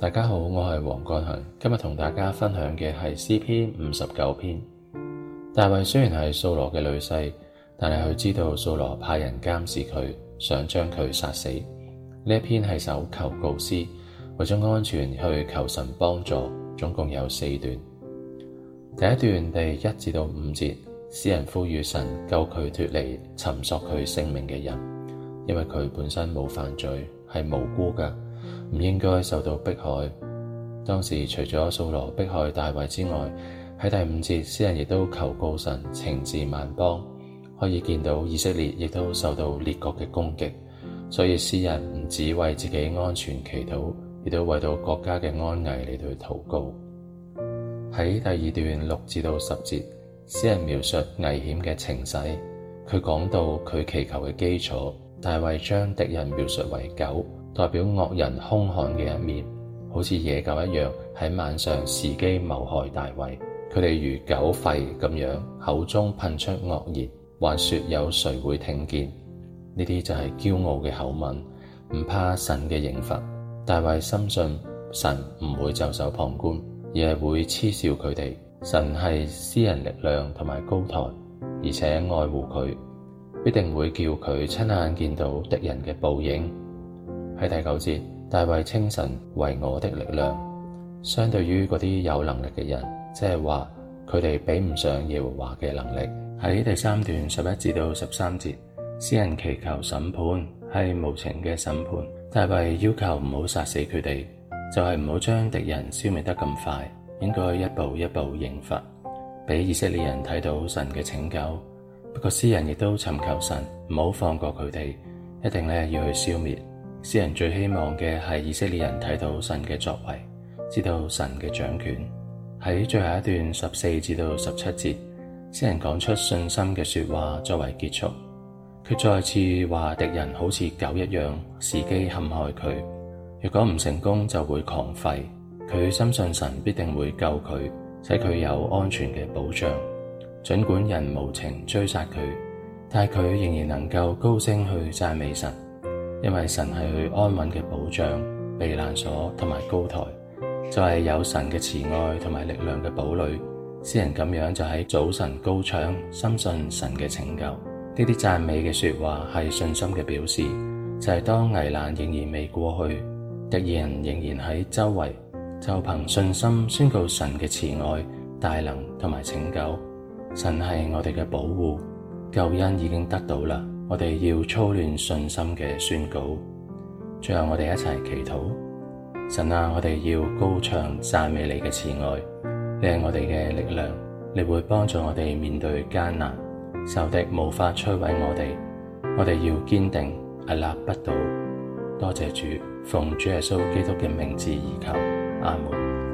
大家好，我係黃濠光，今日同大家分享嘅係詩篇五十九篇。大衛雖然係掃羅嘅女婿，但係佢知道掃羅派人監視佢，想將佢殺死。呢一篇係首求告詩，為咗安全去求神幫助，總共有四段。第一段第一至到五節，詩人呼籲神救佢脫離尋索佢性命嘅人，因為佢本身冇犯罪，係無辜嘅。唔應該受到迫害。當時除咗掃羅迫害大衛之外，喺第五節，詩人亦都求告神，懲治萬邦。可以見到以色列亦都受到列國嘅攻擊，所以詩人唔止為自己安全祈禱，亦都為到國家嘅安危嚟到禱告。喺第二段六至到十節，詩人描述危險嘅情勢，佢講到佢祈求嘅基礎。大衛將敵人描述為狗，代表惡人兇悍嘅一面，好似野狗一樣喺晚上伺機謀害大衛。佢哋如狗吠咁樣，口中噴出惡言，還說有誰會聽見？呢啲就係驕傲嘅口吻，唔怕神嘅刑罰。大衛深信神唔會袖手旁觀，而係會嗤笑佢哋。神係詩人力量同埋高台，而且愛護佢。一定會叫佢親眼見到敵人嘅報應。喺第九節，大衛稱神為我的力量。相對於嗰啲有能力嘅人，即係話佢哋比唔上耶和華嘅能力。喺第三段十一至到十三節，詩人祈求審判係無情嘅審判。大衛要求唔好殺死佢哋，就係唔好將敵人消滅得咁快，應該一步一步刑罰，俾以色列人睇到神嘅拯救。個詩人亦都尋求神，唔好放過佢哋，一定咧要去消滅。詩人最希望嘅係以色列人睇到神嘅作為，知道神嘅掌權。喺最後一段十四至到十七節，詩人講出信心嘅說話作為結束。佢再次話敵人好似狗一樣，伺機陷害佢。如果唔成功，就會狂吠。佢深信神必定會救佢，使佢有安全嘅保障。儘管人無情追殺佢，但佢仍然能夠高聲去讚美神，因為神係佢安穩嘅保障、避難所同埋高台，就係有神嘅慈愛同埋力量嘅堡壘。詩人咁樣就喺早晨高唱，深信神嘅拯救。呢啲讚美嘅說話係信心嘅表示，就係當危難仍然未過去，敵人仍然喺周圍，就憑信心宣告神嘅慈愛、大能同埋拯救。神係我哋嘅保護，救恩已經得到啦。我哋要操練信心嘅宣告。最後我哋一齊祈禱：神啊，我哋要高唱讚美你嘅慈愛。你係我哋嘅力量，你會幫助我哋面對艱難，受敵無法摧毀我哋。我哋要堅定屹立不倒。多謝主，奉主耶穌基督嘅名字以求，阿門。